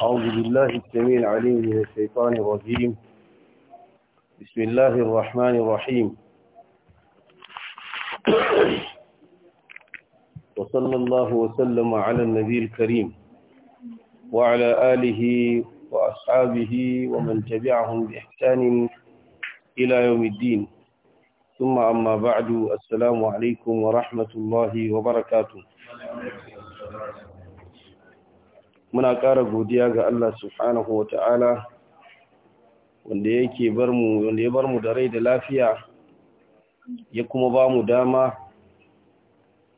أعوذ بالله السميع العليم من الشيطان الرجيم بسم الله الرحمن الرحيم وصلى الله وسلم على النبي الكريم وعلى آله وأصحابه ومن تبعهم بإحسان إلى يوم الدين ثم أما بعد السلام عليكم ورحمة الله وبركاته muna ƙara godiya ga Allah subhanahu wa ta'ala wanda yake bar mu wanda ya bar mu da rai da lafiya ya kuma ba mu dama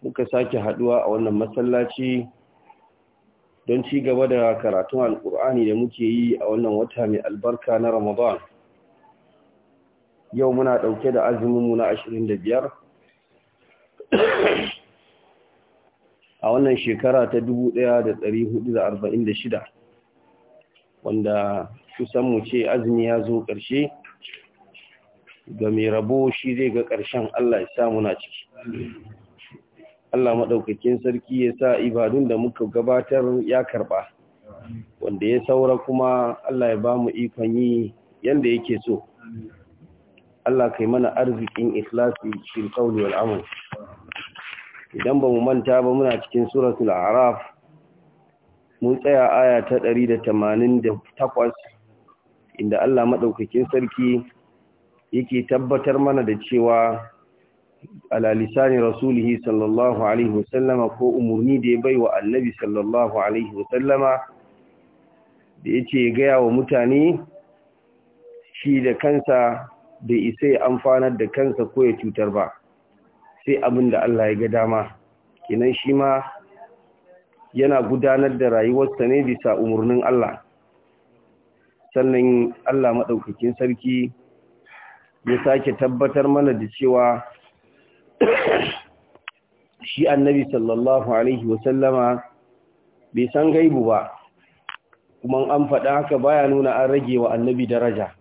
muka sake haduwa a wannan masallaci don ci gaba da karatun alkur'ani da muke yi a wannan wata mai albarka na ramadan yau muna ɗauke da azumin mu na biyar. a wannan shekara ta 1446 wanda kusan mu ce azumi ya zo ƙarshe ga mai rabo shi zai ga ƙarshen Allah ya samu muna ciki Allah maɗaukakin sarki ya sa ibadun da muka gabatar ya karɓa wanda ya saura kuma Allah ya ba mu ikon yi yanda yake so Allah kai mana arzikin ikhlasi shi qawli idan ba mu manta ba muna cikin suratul araf mun tsaya aya ta 188 inda Allah madaukakin sarki yake tabbatar mana da cewa ala lisani rasulihi sallallahu alaihi wasallama ko umurni da ya baiwa annabi sallallahu alaihi wasallama da yace ya gaya wa mutane shi da kansa bai isa ya amfanar da kansa ko ya cutar ba sai abin da Allah ya ga dama kenan shi ma yana gudanar da rayuwarsa ne bisa umarnin Allah sannan Allah maɗaukakin sarki ya sake tabbatar mana da cewa shi annabi sallallahu alaihi wasallama bai san gaibu ba kuma an faɗa haka baya nuna an rage wa annabi daraja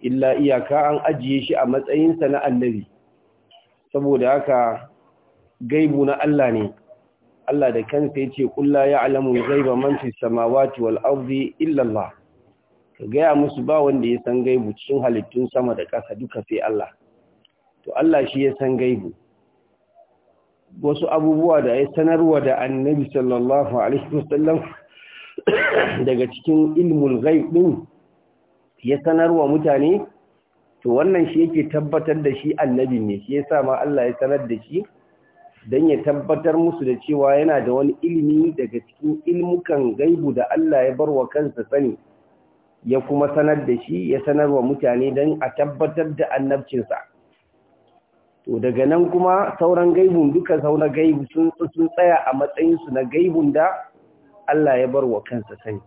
illa iyaka an ajiye shi a matsayinsa na annabi saboda haka gaibu na Allah ne Allah da kansa yace kullu ya'lamu ghaiba man fi samawati wal ardi illa Allah ka gaya musu ba wanda ya san gaibu cikin halittun sama da ƙasa duka sai Allah to Allah shi ya san gaibu wasu abubuwa da ya sanarwa da annabi sallallahu alaihi wasallam daga cikin ilmul ghaib din ya sanarwa mutane to wannan shi yake tabbatar da shi annabi ne shi yasa ma Allah ya sanar da shi dan ya tabbatar musu da cewa yana da wani ilimi daga cikin ilmukan gaibu da Allah ya bar wa kansa sani ya kuma sanar da shi ya sanar wa mutane dan a tabbatar da annabcinsa to daga nan kuma sauran gaibun duka sauran gaibu sun sun tsaya a matsayin su na gaibun da Allah ya bar wa kansa sani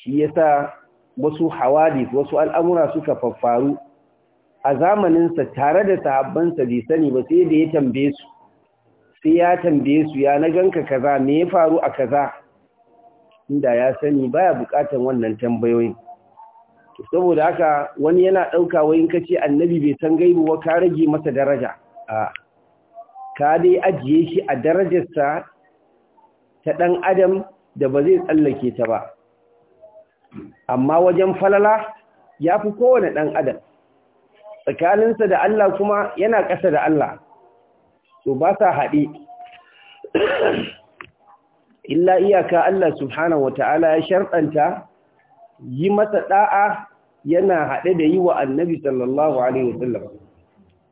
shi yasa wasu hawadi wasu al'amura suka faffaru a zamaninsa tare da sahabbansa bai sani ba sai da ya tambaye su sai ya tambaye su ya na ganka kaza me ya faru a kaza inda ya sani baya bukatan wannan tambayoyin saboda haka wani yana dauka wayin kace annabi bai san gaibu ba ka rage masa daraja a ka dai ajiye shi a darajarsa ta dan adam da ba zai tsallake ta ba amma wajen falala ya fi kowane dan adam tsakaninsa da Allah kuma yana ƙasa da Allah to ba sa haɗe illa iyaka Allah subhanahu ta'ala ya sharɗanta yi masa ɗa'a yana haɗe da yi wa annabi sallallahu alaihi wasallam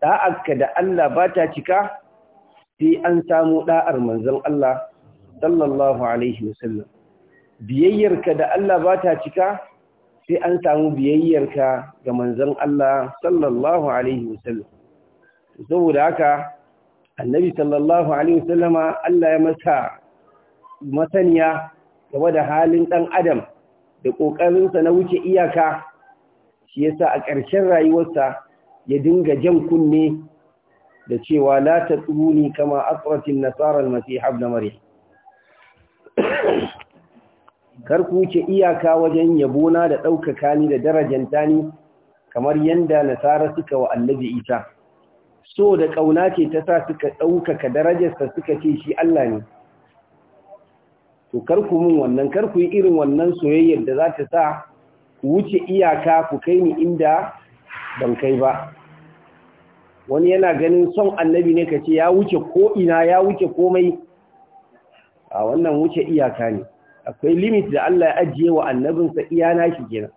ɗa'arka da Allah ba ta cika sai an samu ɗa'ar manzan Allah sallallahu alaihi wasallam biyayyarka da Allah ba ta cika sai an samu biyayyarka ga manzon Allah sallallahu alaihi wasallam saboda haka annabi sallallahu alaihi wasallama Allah ya masa masaniya game da halin ɗan adam da ƙoƙarinsa na wuce iyaka shi yasa a ƙarshen rayuwarsa ya dinga jan kunne da cewa la tatsuni kama asratin nasara al-masih ibn maryam kar ku wuce iyaka wajen yabona da ɗaukaka ni da darajanta ni kamar yanda nasara suka wa annabi isa so da ƙauna ce ta sa suka ɗaukaka darajarsa suka ce shi Allah ne to kar ku mun wannan kar ku yi irin wannan soyayyar da za ta sa ku wuce iyaka ku kai ni inda ban kai ba wani yana ganin son annabi ne ka ce ya wuce ko ina ya wuce komai a wannan wuce iyaka ne akwai limit da Allah ya ajiye wa annabinsa iya nashi kenan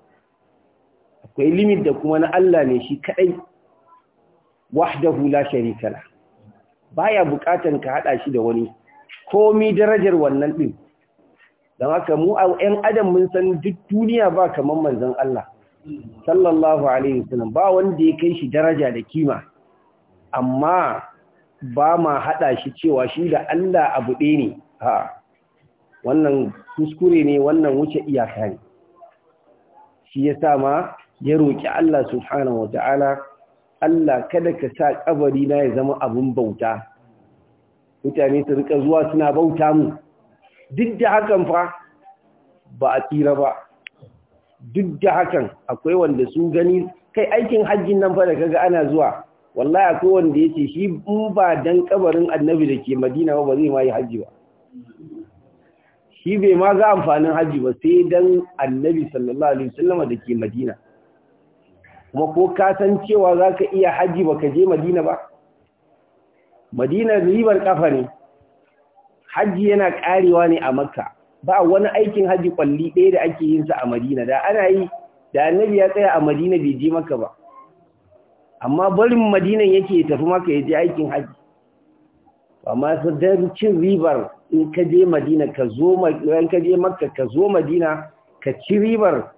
akwai limit da kuma na Allah ne shi kadai wahdahu la sharika la baya bukatan ka hada shi da wani komi darajar wannan din dan haka mu a ƴan adam mun san duk duniya ba kaman manzon Allah sallallahu alaihi wasallam ba wanda ya kai shi daraja da kima amma ba ma hada shi cewa shi da Allah abu ɗaya ne ha wannan kuskure ne wannan wuce iyaka ne shi ya sa ma ya roƙi Allah subhanahu wata'ala Allah kada ka sa kabari na ya zama abin bauta mutane su rika zuwa suna bauta mu duk da hakan fa ba a tsira ba duk da hakan akwai wanda su gani kai aikin hajjin nan fa da kaga ana zuwa wallahi akwai wanda ce. shi in ba dan kabarin annabi da ke Madina ba ba zai ma yi hajji ba shi bai ma ga amfanin haji ba sai dan annabi sallallahu alaihi wasallama da ke madina kuma ko ka san cewa za ka iya haji ba ka je madina ba madina ribar kafa ne haji yana karewa ne a makka ba wani aikin haji kwalli ɗaya da ake yin sa a madina da ana yi da annabi ya tsaya a madina bai je maka ba amma barin madinan yake tafi maka ya je aikin haji amma sai da cin ribar in ka je madina ka zo in ka je makka ka zo madina ka ci ribar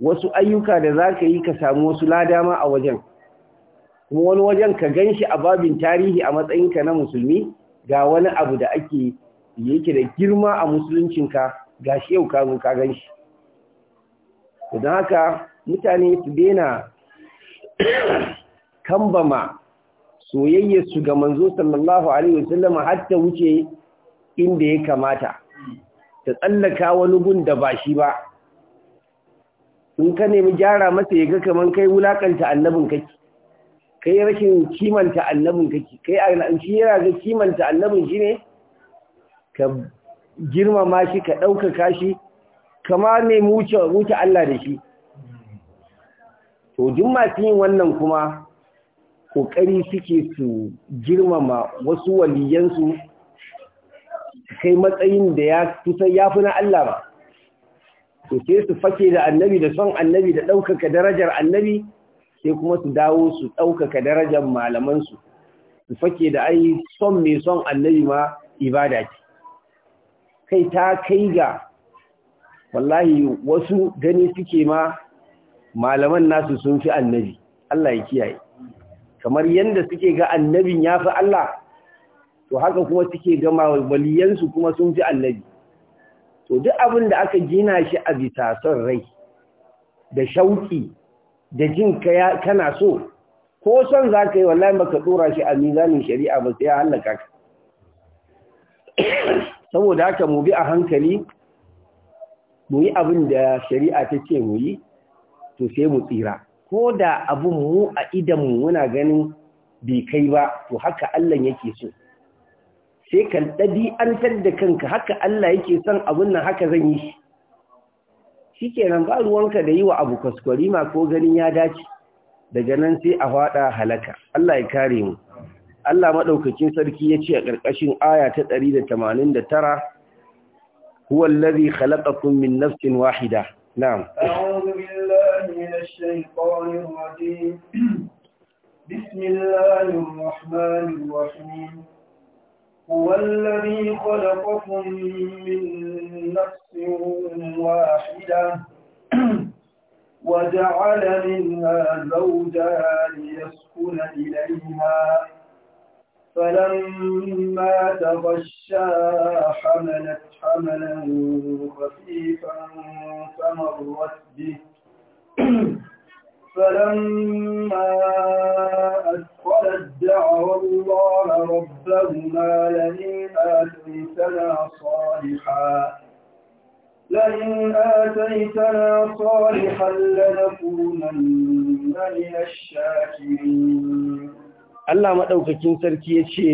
wasu ayyuka da za ka yi ka samu wasu lada ma a wajen kuma wani wajen ka gan shi a babin tarihi a matsayinka na musulmi ga wani abu da ake yake da girma a musuluncinka ga shi yau ka zo ka gan shi don haka mutane su daina kambama soyayyar su ga manzo sallallahu alaihi wasallam hatta wuce inda ya kamata ta tsallaka wani gun da ba shi ba in ka nemi gyara masa ya ga kaman kai wulakanta annabin kake kai rashin kimanta annabin kake kai a shi yana ga kimanta annabin shi ne ka girmama shi ka ɗaukaka shi kama ne wuce Allah da shi to duk masu yin wannan kuma ƙoƙari suke su girmama wasu waliyansu kai matsayin da ya kusa ya fi na Allah ba su fake da annabi da son annabi da ɗaukaka darajar annabi sai kuma su dawo su ɗaukaka darajar malamansu su fake da ai son mai son annabi ma ibada ce kai ta kai ga wallahi wasu gani suke ma malaman nasu sun fi annabi Allah ya kiyaye kamar yadda suke ga annabin ya fi Allah to haka kuma suke gama waliyansu kuma sun fi annabi to duk abin da aka gina shi a bisa son rai da shauki da jin kana so ko son za ka yi wallahi baka dora shi a mizanin shari'a ba sai ya hallaka ka saboda haka mu bi a hankali mu yi abin da shari'a ta ce mu yi to sai mu tsira ko da abin mu a idanmu muna ganin bai kai ba to haka Allah yake so sai ka ɗabi'antar da kanka haka Allah yake son abun nan haka zan yi shi kenan ba ruwanka da yi wa abu ma ko ganin ya dace daga nan sai a faɗa halaka Allah ya kare mu Allah maɗaukakin sarki ya ce a ƙarƙashin aya ta 189 huwa allazi khalaqakum min nafsin wahida na'am الشيطان الرجيم بسم الله الرحمن الرحيم هو الذي خلقكم من نفس واحدة وجعل منها زوجها ليسكن إليها فلما تغشى حملت حملا خفيفا فمرت به فلما أدخل الدعوة الله ربهما لئن آتيتنا صالحا لئن آتيتنا صالحا لنكونن من الشاكرين Allah maɗaukakin sarki ya ce,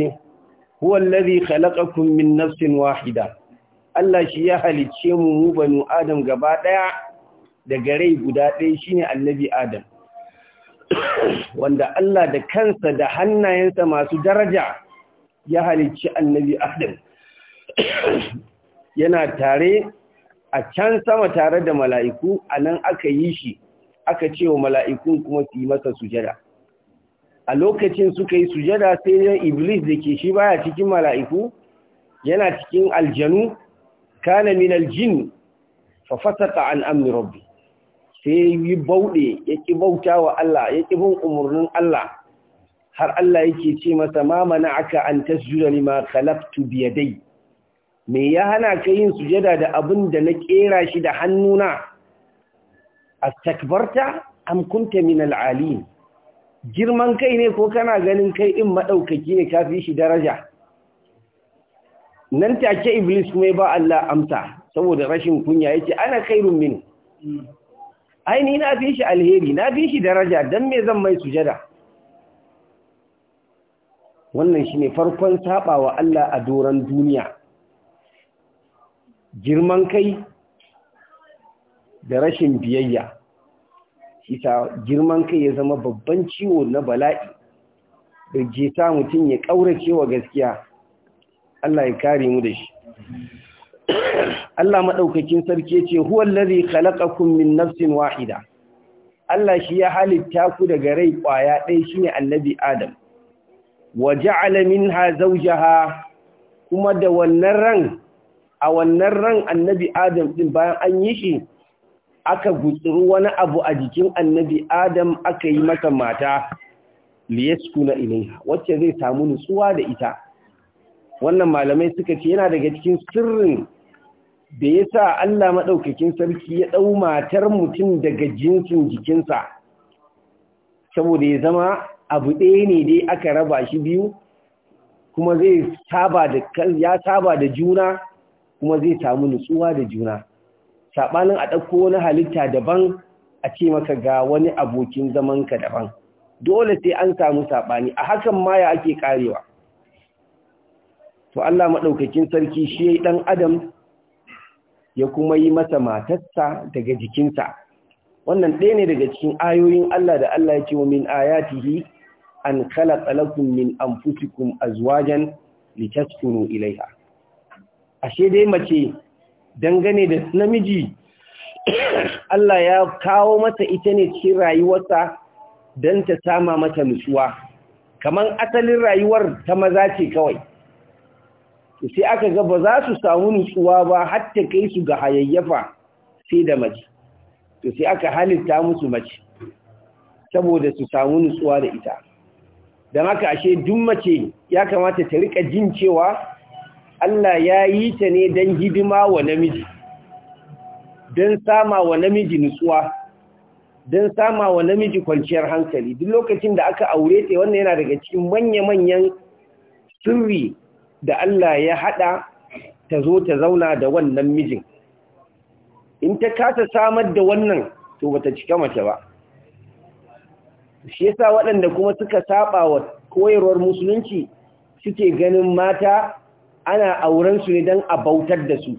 "Huwan lari khalaƙakun min nafsin wahida, Allah shi ya halice mu mu Adam gaba ɗaya daga rai guda ɗaya shine annabi Adam wanda Allah da kansa da hannayensa masu daraja ya halicci annabi Adam yana tare a can sama tare da mala'iku a nan aka yi shi aka ce wa mala'ikun kuma su yi masa sujada a lokacin suka yi sujada sai yan iblis da ke shi baya cikin mala'iku yana cikin aljanu kana min aljini fa an amni rabbi sai yi bauɗe ya ƙi bauta wa Allah ya ƙi bin umarnin Allah har Allah yake ce masa ma mana aka an tasjuda ma khalaqtu bi dai? me ya hana ka yin sujada da abin da na kera shi da hannuna astakbarta am kunta min al girman kai ne ko kana ganin kai in maɗaukaki ne kafi shi daraja nan take iblis kuma ba Allah amsa saboda rashin kunya yace ana khairun min hmm. Ai ni na fi shi alheri na fi shi daraja dan me zan mai sujada wannan shine farkon sabawa Allah a doron duniya girman kai da rashin biyayya ta girman kai ya zama babban ciwo na bala'i da ke sa mutum ya ƙaurace wa gaskiya Allah ya kare mu da shi Allah maɗaukakin sarki ce, Huwan lari khalaqakum min nafsin wahida, Allah shi ya halitta ku daga rai ƙwaya ɗaya shine ne annabi Adam, wa ja'ala min ha zaujaha kuma da wannan ran, a wannan ran annabi Adam ɗin bayan an yi shi, aka gutsuru wani abu a jikin annabi Adam aka yi masa mata, liyaskuna ilaiha, wacce zai samu nutsuwa da ita. Wannan malamai suka ce yana daga cikin sirrin da ya sa Allah maɗaukakin sarki ya ɗau matar mutum daga jinsin jikinsa, saboda ya zama abu ɗaya ne dai aka raba shi biyu, kuma zai saba da ya saba da juna, kuma zai samu nutsuwa da juna. Saɓanin a ɗauko wani halitta daban a ce maka ga wani abokin zamanka daban. Dole sai an samu saɓani, a hakan ma ya ake ƙarewa. To Allah maɗaukakin sarki shi ya yi ɗan Adam ya kuma yi masa matarsa daga jikinsa wannan ɗaya ne daga cikin ayoyin Allah da Allah ya ce wa min ayatihi an khalaqa lakum min anfusikum azwajan litaskunu ilaiha ashe dai mace dangane da namiji Allah ya kawo masa ita ne cikin rayuwarsa don ta sama mata nutsuwa kamar asalin rayuwar ta maza ce kawai sai aka ga ba za su samu nutsuwa ba har ta kai su ga hayayyafa sai da mace to sai aka halitta musu mace saboda su samu nutsuwa da ita don haka ashe duk mace ya kamata ta rika jin cewa Allah ya yi ta ne don hidima wa namiji don sama wa namiji nutsuwa don sama wa namiji kwanciyar hankali duk lokacin da aka aure ta wannan yana daga cikin manya-manyan sirri da Allah ya haɗa ta zo ta zauna da wannan mijin in ta kasa samar da wannan to ba ta cika mace ba shi yasa waɗanda kuma suka saba wa koyarwar musulunci suke ganin mata ana aurensu ne don a bautar da su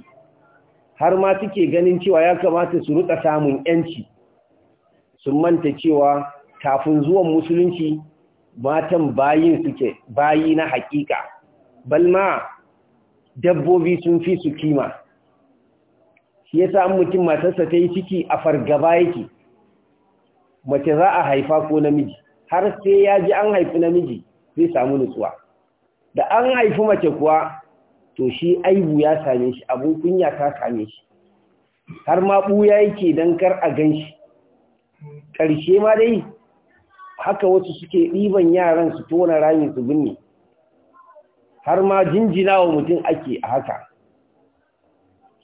har ma suke ganin cewa ya kamata su rutsa samun yanci sun manta cewa kafin zuwan musulunci matan bayin suke bayi na haƙiƙa. balma dabbobi sun fi su kima shi yasa an mutum matarsa ta yi ciki a fargaba yake mace za a haifa ko namiji har sai ya ji an haifi namiji zai samu nutsuwa da an haifi mace kuwa to shi aibu ya same shi abun kunya ta same shi har ma ɓuya yake don kar a gan shi ƙarshe ma dai haka wasu suke ɗiban yaran su tona rami su binne har ma jinjina wa mutum ake a haka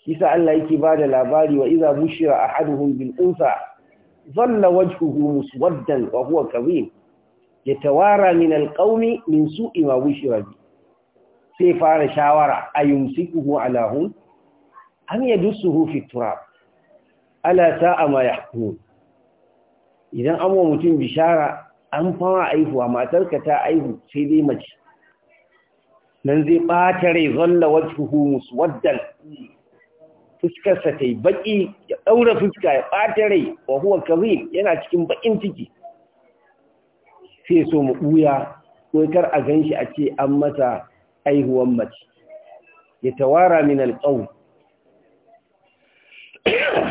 kisa Allah yake ba da labari wa iza bushira ahaduhum bil unsa dhalla wajhuhu muswaddan wa huwa ya tawara min al qaumi min su'i ma bushira bi sai fara shawara ayumsikuhu ala hun am yadussuhu fi turab ala sa'a ma yahkum idan an wa mutum bishara an fara aihuwa matarka ta aihu sai dai mace nan zai ɓata rai zalla wajhuhu muswaddan fuskarsa ta yi baƙi ya ɗaura fuska ya ɓata rai wa huwa kazim yana cikin baƙin ciki sai so mu buya, ko kar a gan a ce an masa aihuwan mace ya tawara min alƙawun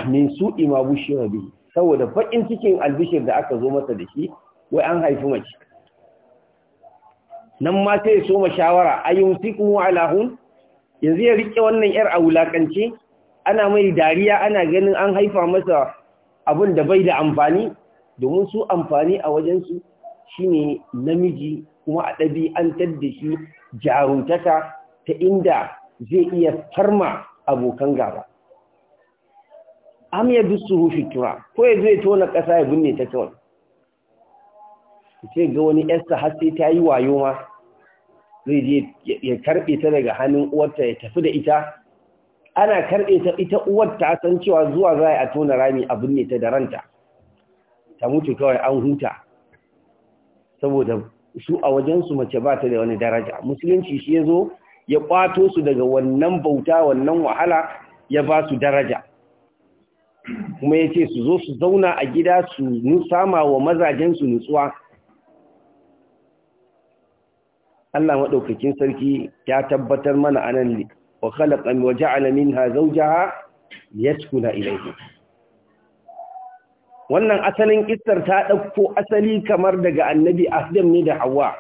min su ima bushewa bihi saboda baƙin cikin albishir da aka zo masa da shi wai an haifi mace nan ma sai ya soma shawara a yusikum alahun yanzu ya rike wannan yar a wulakance ana mai dariya ana ganin an haifa masa abin da bai da amfani domin su amfani a wajensu shi ne namiji kuma a ɗabi'antar da shi jaruntaka ta inda zai iya farma abokan gaba am ya bisuhu tura ko ya zai tona ƙasa ya binne ta kawai sai ga wani yarsa har sai ta yi wayo ma zai je ya karbe ta daga hannun uwarta ya tafi da ita ana karbe ta ita uwarta ta san cewa zuwa za a tona rami abin ne ta da ranta ta mutu kawai an huta saboda su a wajen su mace ba ta da wani daraja musulunci shi ya zo ya kwato su daga wannan bauta wannan wahala ya ba su daraja kuma ya ce su zo su zauna a gida su sama wa mazajensu nutsuwa Allah maɗaukakin sarki ya tabbatar mana anan wa khalaqa wa ja'ala minha zawjaha yaskuna ilayhi wannan asalin kissar ta ɗauko asali kamar daga annabi Adam ne da Hawwa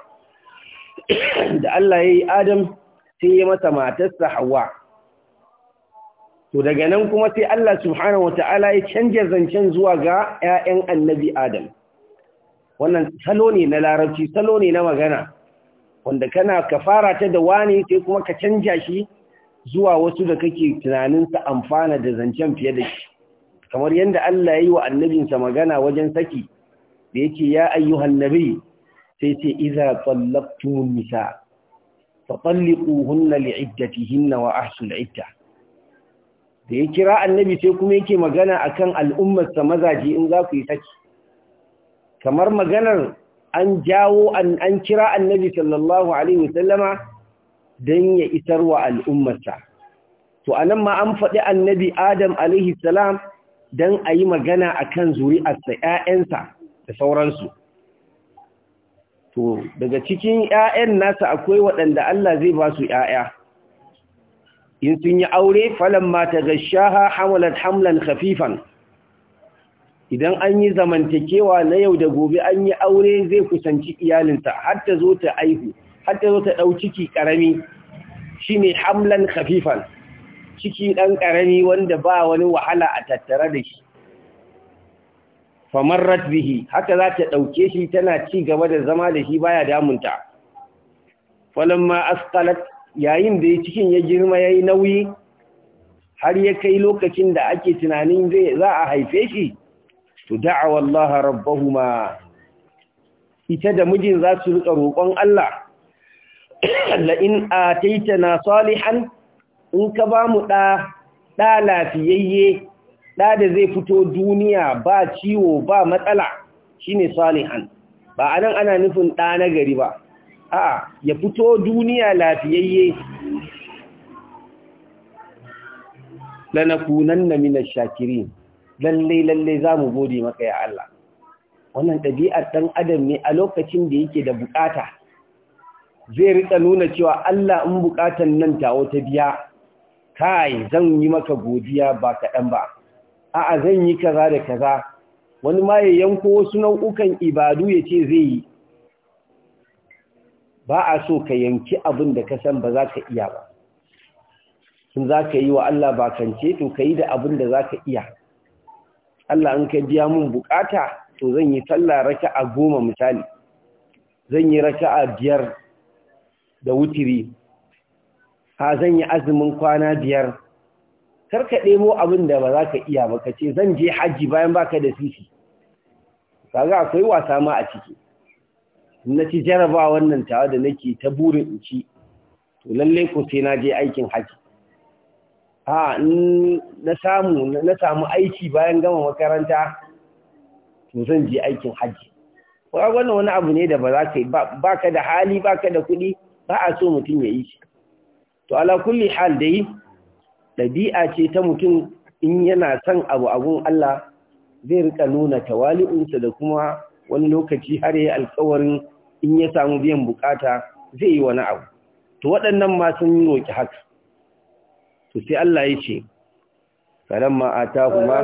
da Allah yayi Adam sai ya mata matarsa Hauwa. to daga nan kuma sai Allah subhanahu wata'ala ya canja zancen zuwa ga 'ya'yan annabi Adam wannan salo ne na larabci salo ne na magana wanda kana ka fara ta da wani sai kuma ka canja shi zuwa wasu da kake tunanin sa amfana da zancen fiye da shi kamar yadda Allah ya yi wa annabinsa magana wajen saki da yake ya ayyuhan nabi sai ce idza tallaqtumun nisa fa talliquhunna li'iddatihinna wa ahsul iddah da ya kira annabi sai kuma yake magana akan al'ummarsa mazaje in za ku yi saki kamar maganar an jawo an kira annabi sallallahu alaihi wasallama dan ya isar wa al'ummarsa to anan ma an faɗi annabi adam alaihi salam dan a yi magana a kan zuri'arsa ‘ya'yansa da sauransu to daga cikin ‘ya'yan nasa akwai waɗanda Allah zai ba su ‘ya'ya in sun yi aure falon mata ga shaha hamlan khafifan idan an yi zamantakewa na yau da gobe an yi aure zai kusanci iyalinsa har ta zo ta aihu har ta zo ta ɗau ciki ƙarami shi ne hamlan khafifan ciki ɗan ƙarami wanda ba wani wahala a tattare da shi famarrat bihi haka za ta ɗauke shi tana ci gaba da zama da shi baya damunta falamma asqalat yayin da cikin ya girma yayi nauyi har ya kai lokacin da ake tunanin zai za a haife shi to da'awa Allah rabbahuma ita da mijin za su rika roƙon Allah la in ataitana salihan in ka bamu mu da da lafiyayye da da zai fito duniya ba ciwo ba matsala shine salihan ba anan ana nufin da na gari ba a'a ya fito duniya lafiyayye lanakunanna minash shakirin Lallai lallai za mu gode maka ya Allah wannan ɗabi'ar ɗan adam ne a lokacin da yake da buƙata. zai rika nuna cewa Allah in bukatan nan ta wata biya kai zan yi maka godiya ba kaɗan ba a'a zan yi kaza da kaza wani ma ya yanko wasu nau'ukan ibadu ya ce zai yi ba a so ka yanki abin da ka san ba za ka iya ba sun za ka yi wa Allah ba kance to ka yi da abin da za ka iya Allah in ka biya mun bukata to zan yi sallah raka'a goma misali zan yi raka'a biyar da wutiri ha zan yi azumin kwana biyar karka ɗemo abin da ba za ka iya ba ka ce zan je hajji bayan baka da sisi kaga akwai wasa ma a ciki na ci jaraba wannan tawa da nake ta burin in ci to lallai ko sai na je aikin hajji ha na samu na samu aiki bayan gama makaranta to zan je aikin hajji wannan wani abu ne da ba za ka yi ba ka da hali ba ka da kuɗi ba a so mutum ya yi to ala kulli hal dai ɗabi'a ce ta mutum in yana son abu abun Allah zai rika nuna tawali'unsa da kuma wani lokaci har yi alkawarin in ya samu biyan bukata zai yi wani abu to waɗannan ma sun roki haka to sai Allah ya ce falan ma a ta kuma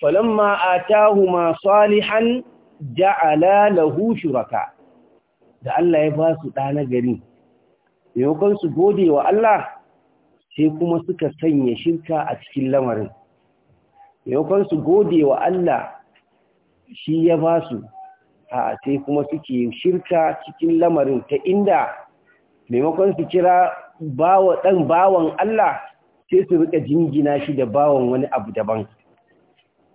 Falan ma a ta huma salihan ja’ala lahushuraka, da Allah ya basu ɗa ɗana gari. maimakon su gode wa Allah sai kuma suka sanya shirka a cikin lamarin maimakon su gode wa Allah shi ya ba su a sai kuma suke shirka cikin lamarin ta inda maimakon su kira bawa ɗan bawan Allah sai su rika jingina shi da bawan wani abu daban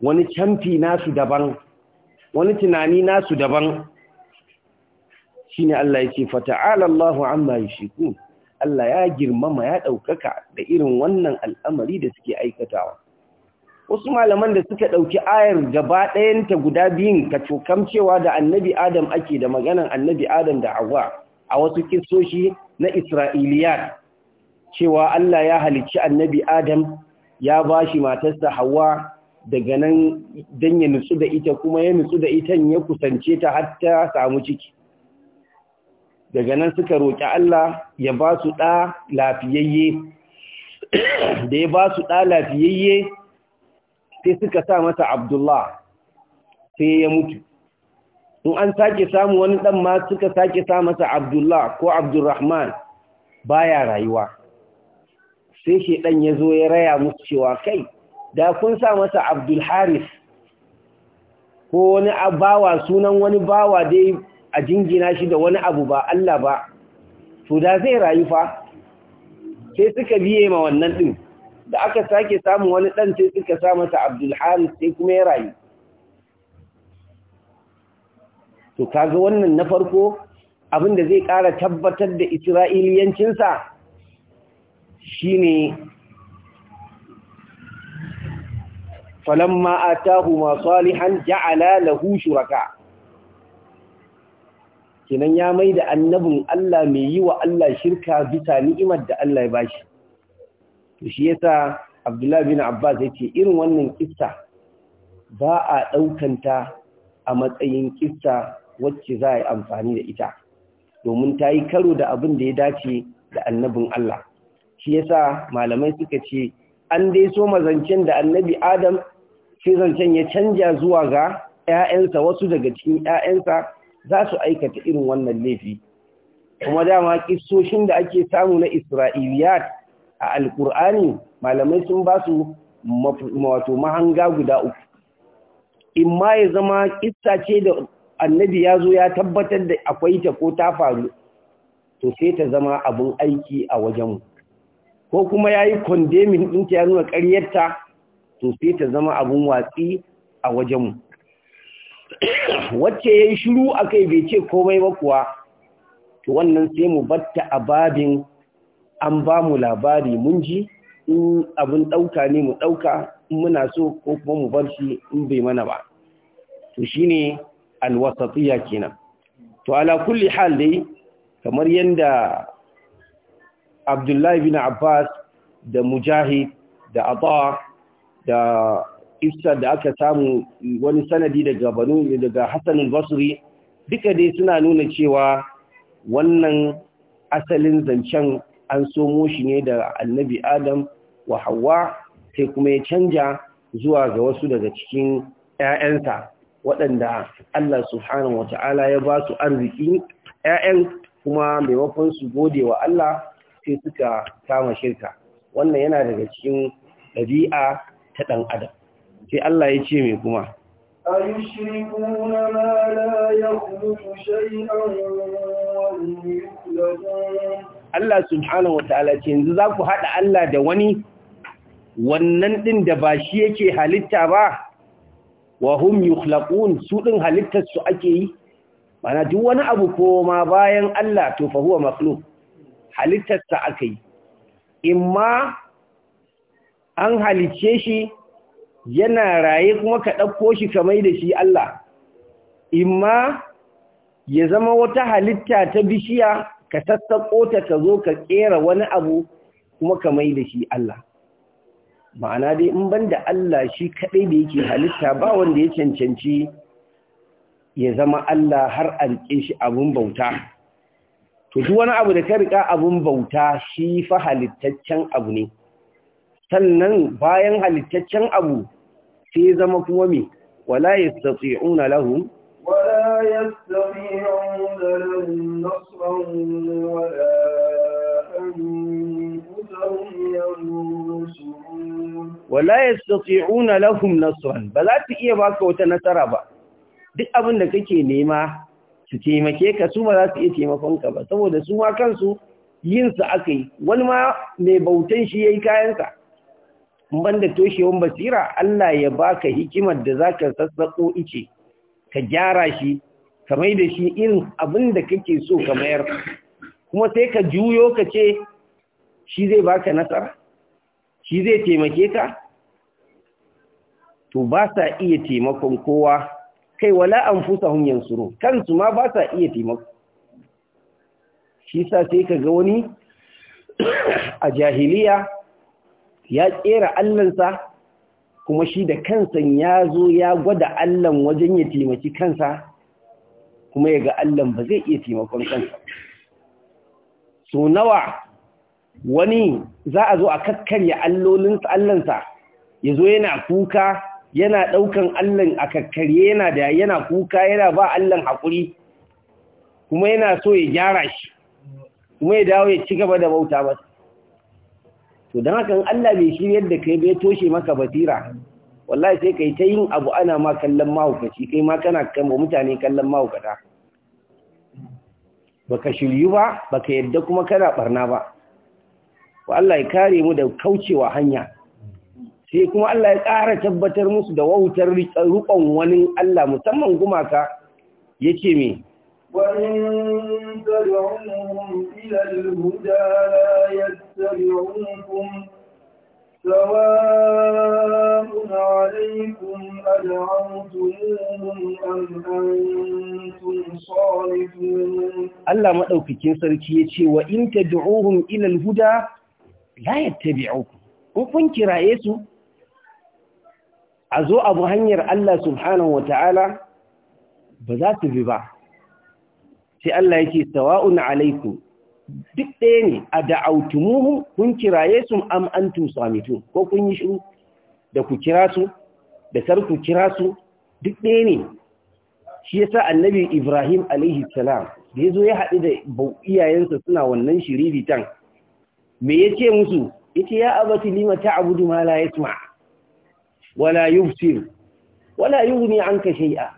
wani camfi nasu daban wani tunani nasu daban shine Allah ya ce fata'ala Allahu amma yushrikun Allah ya girmama ya ɗaukaka da irin wannan al'amari da suke aikatawa wasu malaman da suka ɗauki ayar gaba ɗayanta guda biyun ka cewa da annabi Adam ake da maganan annabi Adam da Hawwa a wasu kisoshi na Isra'iliyat cewa Allah ya halicci annabi Adam ya ba shi matarsa Hawwa daga nan don ya nutsu da ita kuma ya nutsu da ita ya kusance ta har ta samu ciki daga nan suka roƙi Allah ya ba su ɗa lafiyayye da ya ba su ɗa lafiyayye sai suka sa masa abdullah sai ya mutu in an sake samu wani ɗan ma suka sake sa masa abdullah ko abdulrahman ya rayuwa sai shi ɗan ya zo ya raya musu cewa kai da kun sa masa abdulharis ko wani abawa sunan wani bawa dai a jingina shi da wani abu ba Allah ba to da zai rayu fa sai suka biye ma wannan ɗin, da aka sake samun wani ɗan sai suka sa masa Abdul Haris sai kuma ya rayu to kaga wannan na farko abin da zai ƙara tabbatar da Isra'iliyancinsa shine falamma atahu ma salihan ja'ala lahu shuraka kenan ya mai da annabin Allah mai yi wa Allah shirka bisa ni'imar da Allah ya bashi to shi yasa Abdullah bin Abbas ce irin wannan kissa ba a daukanta a matsayin kissa wacce za a yi amfani da ita domin ta yi karo da abin da ya dace da annabin Allah shi yasa malamai suka ce an dai so mazancen da annabi Adam sai zancen ya canja zuwa ga ‘ya'yansa wasu daga cikin ‘ya'yansa za su aikata irin wannan laifi kuma dama kisoshin da ake samu na isra'iliyat a alkur'ani malamai sun ba su wato mahanga guda uku in ma ya zama kissa ce da annabi ya zo ya tabbatar da akwai ta ko ta faru to sai ta zama abin aiki a wajenmu ko kuma ya yi kondemin ɗinta ya nuna ƙaryarta to sai ta zama abin watsi a wajenmu wacce ya yi shiru a kai bai ce komai ba kuwa to wannan sai mu batta a babin an ba mu labari mun ji in abin ɗauka ne mu ɗauka in muna so ko kuma mu bar shi in bai mana ba to shine alwasatiya kenan to ala kulli hal dai kamar yadda Abdullahi bin Abbas da Mujahid da Ata da Iftar da aka samu wani sanadi daga banu daga Hassan basri duka dai suna nuna cewa wannan asalin zancen an somo shi ne da annabi Adam wa Hawwa sai kuma ya canja zuwa ga wasu daga cikin ‘ya'yansa waɗanda Allah Subhanahu wata'ala ya ba su arziki ‘ya'yan kuma maimakon su gode wa Allah sai suka kama shirka. Wannan yana daga cikin ɗabi'a ta ɗan Adam. sai Allah ya ce mai kuma Allah subhanahu wataala ce yanzu za ku haɗa Allah da wani wannan ɗin da ba shi yake halitta ba wa hum yukhlaqun su ɗin halittar su ake yi mana duk wani abu koma bayan Allah to fa huwa makhluq halittar sa ake yi imma an halice shi yana raye kuma ka ɗauko shi ka mai da shi Allah imma ya zama wata halitta ta bishiya ka sassaƙo ta ka zo ka ƙera wani abu kuma ka mai da shi Allah ma'ana dai in ban da Allah shi kaɗai da yake halitta ba wanda ya cancanci ya zama Allah har a riƙe shi abun bauta to wani abu da ka riƙa abun bauta shi fa halittaccen abu ne sannan bayan halittaccen abu sai zama kuma me wala yastati'una lahum ولا يستطيعون لهم نصرا ولا أنفسهم ينصرون ولا يستطيعون لهم نصرا wata nasara ba. duk abin da kake nema su taimake ka su ma za su iya taimakonka ba saboda su ma kansu yin su aka yi wani ma mai bautan shi ya yi kayansa banda toshewan basira Allah ya baka hikimar da zaka sassako ice ka gyara shi ka mai da shi irin abin da kake so ka mayar kuma sai ka juyo ka ce shi zai baka nasara shi zai taimake ka to ba sa iya taimakon kowa kai wala an fusa anfusahum yansuru kansu ma ba sa iya taimako shi sa sai ka ga wani a jahiliya ya tsera allansa kuma shi da kansa ya zo ya gwada allan wajen ya taimaki kansa kuma ya ga allan ba zai iya taimakon kansa so nawa wani za a zo a kakkarya allolinsa allansa ya zo yana kuka yana ɗaukan allan a kakkarye yana da yana kuka yana ba allan haƙuri kuma yana so ya gyara shi kuma ya dawo ya ci gaba da bauta masa to don haka Allah bai shiryar yadda kai bai toshe maka basira wallahi sai kai ta yin abu ana ma kallon mahaukaci kai ma kana kama mutane kallon mahaukata baka shiryu ba baka yadda kuma kana barna ba wa Allah ya kare mu da kaucewa hanya sai kuma Allah ya ƙara tabbatar musu da wautar riƙon wani Allah musamman gumaka yace me وإن تدعوهم إلى الهدى لا يتبعوكم سواء عليكم أدعوتموهم أم أنتم صالحون الله ما أوكي سركي وإن تدعوهم إلى الهدى لا يتبعوكم وفن كرايسو a zo abu hanyar Allah subhanahu wa ta'ala ba za su bi ba sai Allah yake sawa'un alaikum duk ɗaya ne a da'autumuhu kun kiraye su am antum samitu ko kun yi shiru da ku kira su da kar ku kira su duk ɗaya ne shi yasa annabi Ibrahim alaihi salam da yazo ya haɗu da iyayensa suna wannan shiriritan me yace musu yace ya abati lima ta'budu ma la yasma wala yubsir wala yughni anka shay'a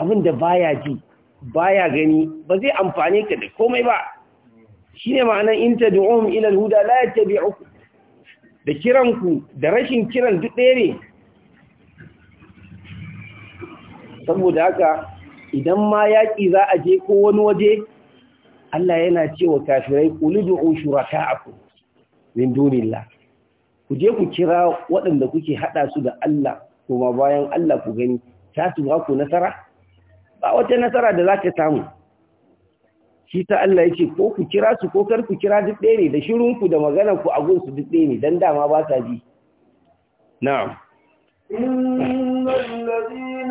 abinda baya ji baya gani ba zai amfane ka da komai ba shine ma'anar inta tad'uhum ila al-huda la yattabi'ukum da kiranku da rashin kiran duk ɗaya ne saboda haka idan ma yaƙi za a je ko wani waje Allah yana cewa kafirai quludu shuraka'akum min dunillah ku je ku kira waɗanda kuke hada su da Allah kuma bayan Allah ku gani ta tuwa ku nasara ba wata nasara da za ta samu shi ta Allah ya ce ko ku kira su ko kar ku kira duk ɗaya ne da shirinku da maganarku a gunsu duk ɗaya ne don dama ba sa ji na'am إن الذين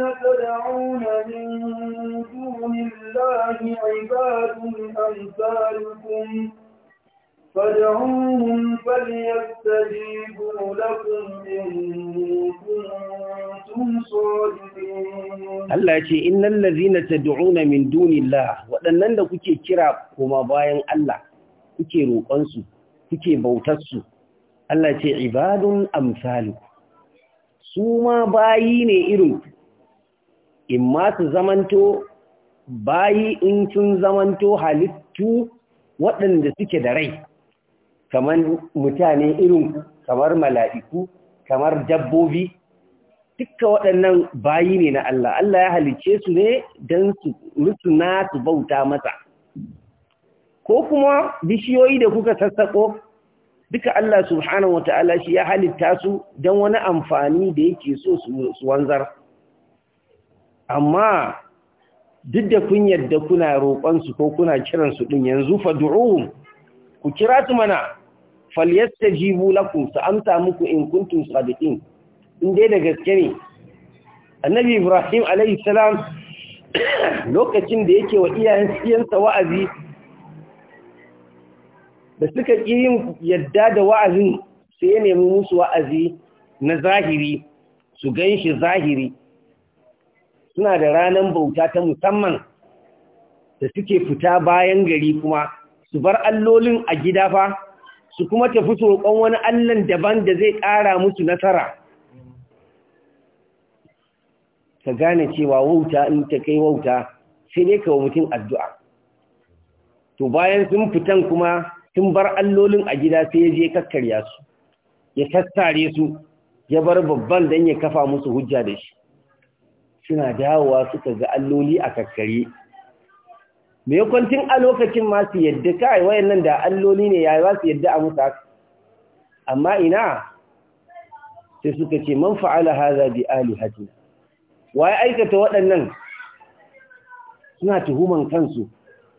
فادعوهم فليستجيبوا لكم Allah ya ce, Innan lazina ta du'una min dunillah waɗannan da kuke kira kuma bayan Allah, kuke roƙonsu, kuke bautarsu, Allah ce, Ibadun amsalu, su ma bayi ne irin, in ma su zamanto, bayi in sun zamanto halittu waɗanda suke da rai, kamar mutane irin kamar mala'iku kamar dabbobi duka waɗannan bayi ne na Allah Allah ya halice su ne don su rusuna su bauta masa ko kuma bishiyoyi da kuka sassaƙo duka Allah subhanahu wa ta'ala shi ya halitta su don wani amfani da yake so su wanzar. Amma duk da kun yadda kuna roƙonsu ko kuna kiransu ɗin yanzu du'u ku kira su mana, Jibu lakum su amsa muku in kuntum sadiqin in da gaske ne annabi ibrahim alayhi salam lokacin da yake wa iyayensa wa'azi da suka ki yin yadda da wa'azin sai ya nemi musu wa'azi na zahiri su gan shi zahiri suna da ranar bauta ta musamman da suke fita bayan gari kuma su bar allolin a gida fa su kuma tafi roƙon wani allon daban da zai ƙara musu nasara ka gane cewa wauta in ta kai wauta sai ne kawo mutum addu'a to bayan sun fitan kuma sun bar allolin a gida sai ya je kakkarya su ya tattare su ya bar babban don ya kafa musu hujja da shi suna dawowa suka ga alloli a kakkare me kwantin a lokacin ma su yadda kai wayannan da alloli ne ya ba su yadda a musa haka amma ina sai suka ce man fa'ala hadha bi alihatina waye aikata waɗannan suna tuhuman kansu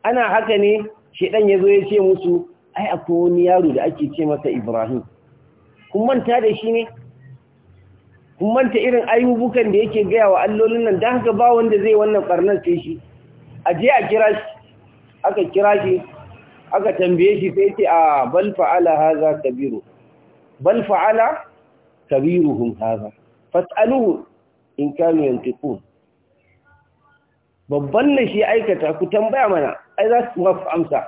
ana haka ne shedan yazo ya ce musu ai akwai wani yaro da ake ce masa Ibrahim kun manta da shi ne kun manta irin ayyubukan da yake gaya wa allolin nan don haka ba wanda zai wannan barnar sai shi a je a kira shi aka kira shi aka tambaye shi sai ce a bal fa'ala haza kabiru bal fa'ala kabiruhum haza fas'aluhu in kanu yantiqun babban ne shi aikata ku tambaya mana ai za su ku amsa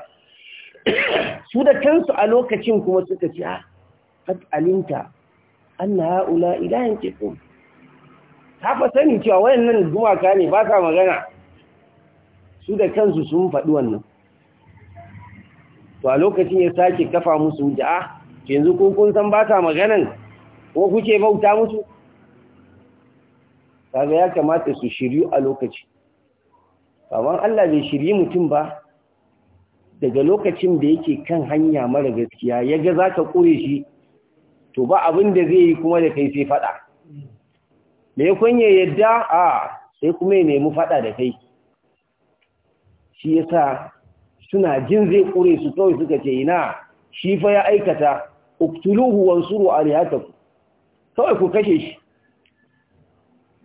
su da kansu a lokacin kuma suka ce a ah, fas'alinta anna haula ilahin tekun ta fa sani cewa wayannan gumaka ne ba sa magana su da kansu sun faɗi wannan to a lokacin ya sake kafa musu ja'a ah, yanzu ko kun san ba ta maganan ko kuke bauta musu kaga ya kamata su shiryu a lokaci kaman Allah bai shiryi mutum ba daga lokacin da yake kan hanya mara gaskiya yaga zaka kure shi to ba abin da zai yi kuma da kai sai fada me kun ya yadda a ah, sai kuma ya nemi fada da kai shi yasa suna jin zai ƙure su kawai suka ce ina shi fa ya aikata uktuluhu wansuru alihataku kawai ku kashe shi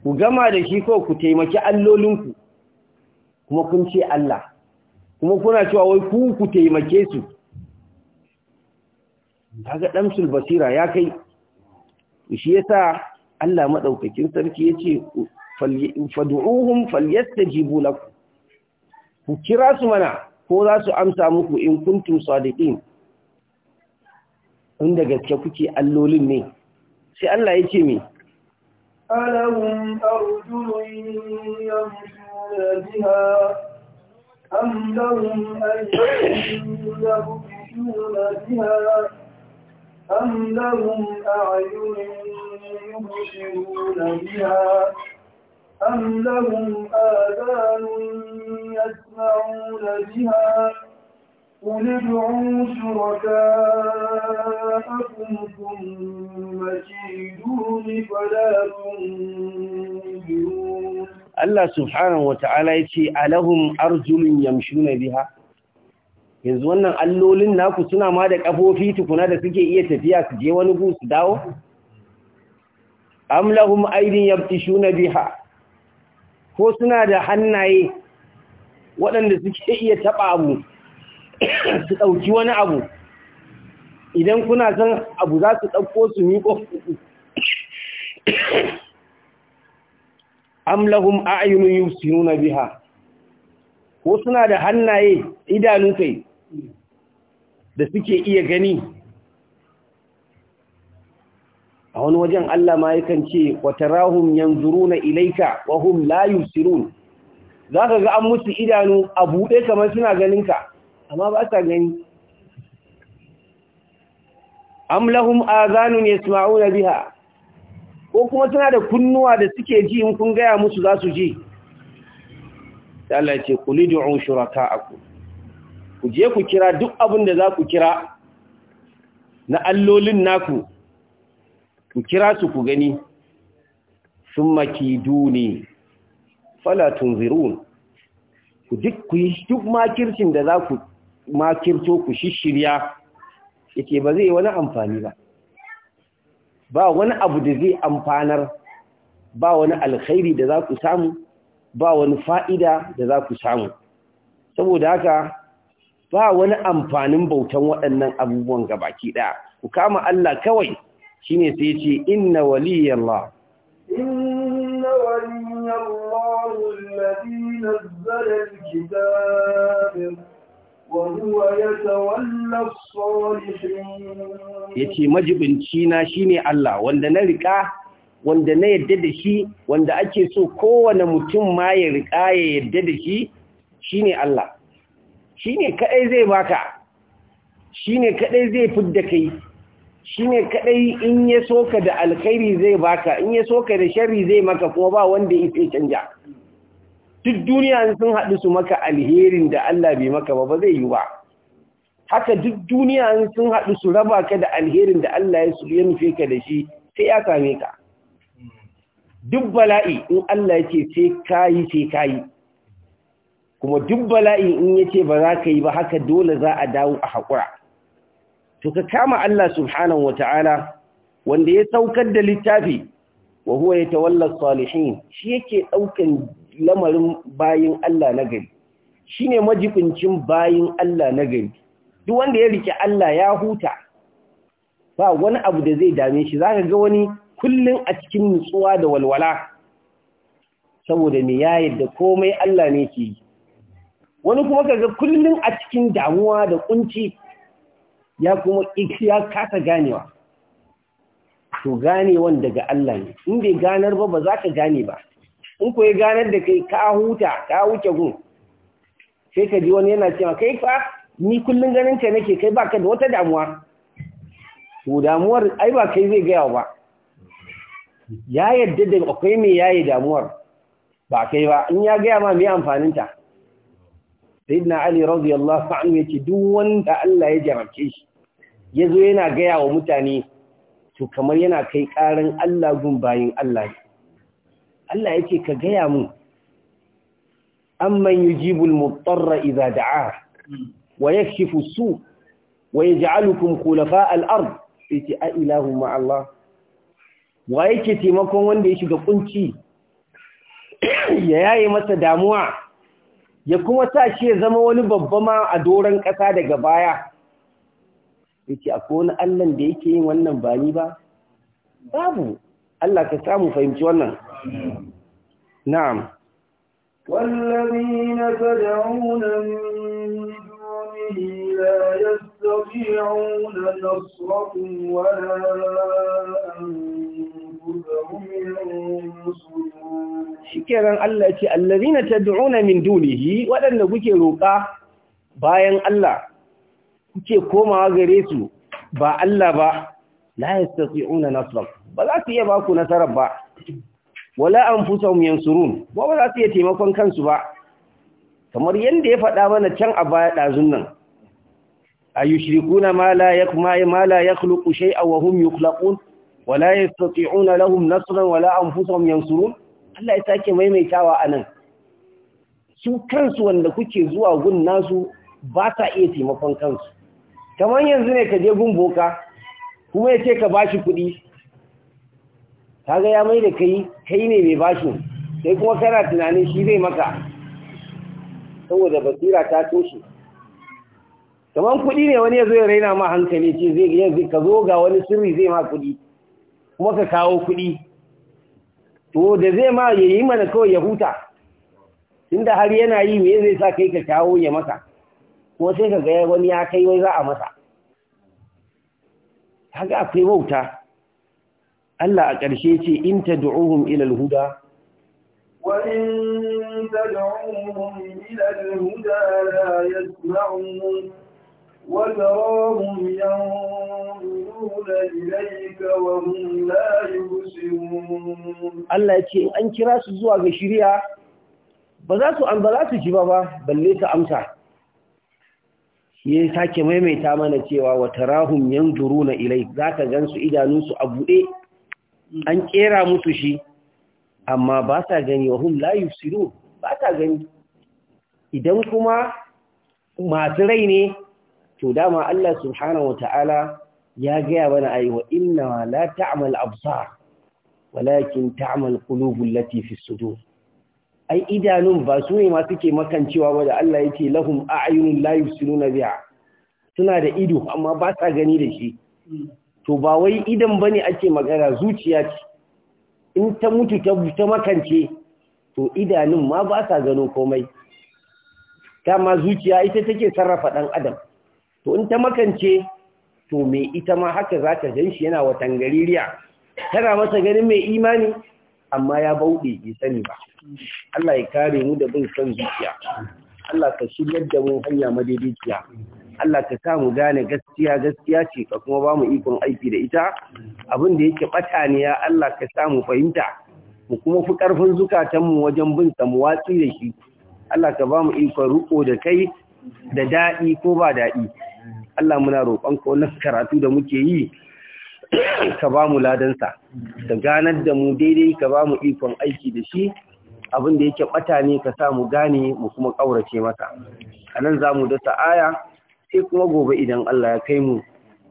ku gama da shi kawai ku taimaki allolinku kuma kun ce Allah kuma kuna cewa wai ku ku taimake su kaga damsul basira ya kai shi yasa Allah madaukakin sarki yace fad'uhum falyastajibu lakum ku kira su mana ko za su amsa muku in kuntum sadiqin inda gaske kuke allolin ne sai Allah ya ce me alahum arjulun yamshuna biha am lahum aydun yabshuna biha am lahum a'yunun yubshiruna biha أم لهم آذان يسمعون بها قل ادعوا شركاءكم ثم كيدون فلا تنبرون Allah subhanahu wata'ala ya ce alahum arjulun yamshuna biha yanzu wannan allolin naku suna ma da kafofi tukuna da suke iya tafiya su je wani gusu dawo am lahum aydin yabtishuna biha ko suna da hannaye waɗanda suke iya taɓa abu su ɗauki wani abu idan kuna son abu za su ɗauko su miƙo amlahum a'yunun yusiruna biha ko suna da hannaye idanu kai da suke iya gani a wani wajen Allah ma yakan ce rahun yanzuru na ilaika wa layu sirun Za ka ga an musu idanu a buɗe kamar suna ganinka amma ba sa gani am lahum azanun yasma'una biha ko kuma suna da kunnuwa da suke ji in kun gaya musu za su ji Allah ce ku lid'u shuraka'akum ku je ku kira duk abin da za ku kira na allolin naku ku kira su ku gani sun maki ne falatun zirun ku duk makircin da za ku makirto ku shishirya yake ba zai wani amfani ba ba wani abu da zai amfanar ba wani alkhairi da za ku samu ba wani fa'ida da za ku samu saboda haka ba wani amfanin bautan waɗannan abubuwan gabaki ɗaya ku kama Allah kawai Shi ne sai ce, inna waliyallah inna waliyallahu alladhi nazzala alkitaba wa huwa yatawalla as-salihin yace majibinci na shine Allah wanda na rika wanda na yadda da shi wanda ake so kowane mutum ma ya rika ya yadda da shi shine Allah shine kadai zai baka shine kadai zai fidda kai ne kadai in ya soka da alkhairi zai baka in ya soka da shari zai maka kuma ba wanda ya fi canja duk duniya sun haɗu su maka alherin da Allah bai maka ba ba zai yi ba haka duk duniya sun haɗu su raba ka da alherin da Allah ya ya nufe ka da shi sai ya same ka duk bala'i in Allah ce sai kayi sai kayi kuma duk bala'i in ce ba za ka yi ba haka dole za a dawo a haƙura to ka kama Allah subhanahu wata'ala wanda ya saukar da littafi wa huwa yatawalla salihin shi yake daukan lamarin bayin Allah na gari shine majibincin bayin Allah na gari duk wanda ya rike Allah ya huta ba wani abu da zai dame shi zaka ga wani kullun a cikin nutsuwa da walwala saboda me ya yadda komai Allah ne ke yi wani kuma ka ga kullun a cikin damuwa da kunci ya kuma ya kasa ganewa to ganewan daga Allah ne in bai ganar ba ba za ka gane ba in ko ya ganar da kai ka huta ka wuce gun sai ka ji wani yana cewa kai fa ni kullum ganin ka nake kai baka da wata damuwa to damuwar ai ba kai zai gaya ba ya yadda da akwai mai yayi damuwar ba kai ba in ya gaya ma mai amfanin ta sayyidina ali radiyallahu anhu yake duk wanda Allah ya jarabce shi ya zo yana gaya wa mutane to kamar yana kai ƙaran Allah gun bayin Allah Allah ya ka gaya mu amman yujibul mutarra idza da'a wa yakshifu su wa yaj'alukum khulafa al-ard sai ce a ma Allah wa yake taimakon wanda ya shiga kunci ya yaye masa damuwa ya kuma sa shi ya zama wani babba ma a doron ƙasa daga baya da ce a kone Allahn da yake yin wannan ba ni ba? Babu, Allah ka samu fahimci wannan. Na’am. Wallabi na saja wunan Shi ke ran Allah ce, Allah zina ta du'una min dunihi waɗanda kuke roƙa bayan Allah kuke komawa gare su ba Allah ba la yastati'una nasrak ba za su iya ba ku nasarar ba wala anfusahum yansurun ba ba za su iya taimakon kansu ba kamar yanda ya faɗa mana can a baya dazun nan ayushrikuna ma la yakma ma la yakhluqu shay'an wa hum yukhlaqun wala yastati'una lahum nasran wala anfusahum yansurun Allah ya sake maimaitawa anan su kansu wanda kuke zuwa gun nasu ba ta iya taimakon kansu kamar yanzu ne ka je gun boka kuma ya ce ka bashi kuɗi kaga ya mai da kai kai ne mai bashin sai kuma kana tunanin shi zai maka saboda basira ta toshe kamar kuɗi ne wani ya zo ya raina ma hankali ce zai yanzu ka zo ga wani sirri zai ma kuɗi kuma ka kawo kuɗi to da zai ma ya yi mana kawai ya huta tunda har yana yi me zai sa kai ka kawo ya maka ko sai ka gaya wani ya kai wai za a masa haka akwai wauta Allah a ƙarshe ce in ta du'uhun ilal huda wa huda Allah ya ce in an kira su zuwa ga shirya ba za su an ba za su ji ba balle ta amsa ya sake maimaita mana cewa wata rahun yanzuru na ilai za ka gansu idanunsu a buɗe an ƙera musu shi amma ba sa gani wa layu siru ba sa gani idan kuma masu rai ne to dama Allah subhanahu wa ta'ala ya gaya mana a yi wa inna la ta'amal absar walakin ta'amal kulubun latifis sudur ai idanun ba su ne ma suke makancewa ba da Allah yake lahum a'yunun la yusiruna biha suna da ido amma ba sa gani da shi to ba wai idan bane ake magana zuciya ce in ta mutu ta ta makance to idanun ma ba sa gano komai ta zuciya ita take sarrafa dan adam to in ta makance to me ita ma haka zaka ganshi yana watangaririya. Kana tana masa ganin mai imani amma ya bauɗe bai sani ba Allah ya kare mu da bin son zuciya Allah ka shigar da mun hanya madaidaiciya Allah ka sa mu gane gaskiya gaskiya ce ka kuma ba mu ikon aiki da ita abin da yake bata ne ya Allah ka sa mu fahimta mu kuma fi karfin zukatan mu wajen bin sa mu watsi da shi Allah ka ba mu ikon riko da kai da daɗi ko ba daɗi Allah muna roƙon ko na karatu da muke yi ka ba mu ladansa da ganar da mu daidai ka ba mu ikon aiki da shi abin da yake bata ne ka sa mu gane mu kuma ƙaurace maka. a nan za mu dasa aya sai kuma gobe idan Allah ya kai mu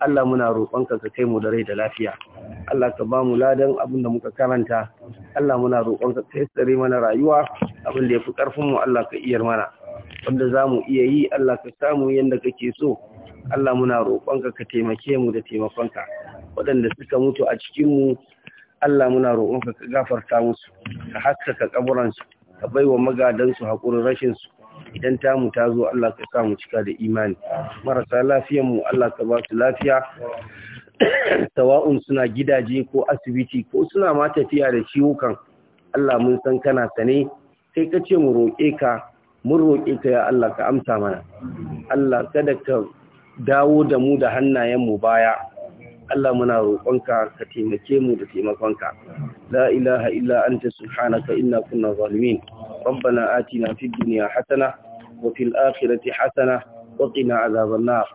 Allah muna roƙonka ka kai mu da rai da lafiya Allah ka ba mu ladan abin da muka karanta Allah muna roƙonka ka tsare mana rayuwa abin da ya fi ƙarfin mu Allah ka iyar mana wanda za mu iya yi Allah ka samu yadda kake so Allah muna roƙonka ka taimake mu da taimakonka waɗanda suka mutu a cikinmu Allah muna roƙonka ka gafarta musu ka haskaka kaburansu ka baiwa magadansu haƙurin rashinsu idan tamu ta zo Allah ka sa mu cika da imani marasa lafiyanmu Allah ka ba su lafiya tawa'un suna gidaje ko asibiti ko suna ma tafiya da ciwukan Allah mun san kana sane sai ka ce mu mun roƙe ka ya Allah ka amsa mana Allah kada ka dawo da mu da hannayenmu baya Allah muna roƙonka ka taimake mu da taimakonka la ilaha illa anta subhanaka inna kunna zalimin rabbana atina fid dunya hasana wa fil akhirati hasana wa qina adhaban nar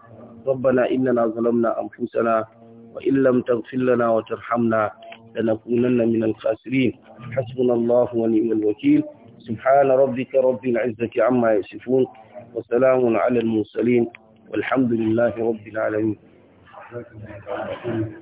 rabbana innana zalamna anfusana wa illam taghfir lana wa tarhamna lanakunanna minal khasirin hasbunallahu wa ni'mal wakeel subhana rabbika rabbil izzati amma yasifun wa salamun ala mursalin والحمد لله رب العالمين recommend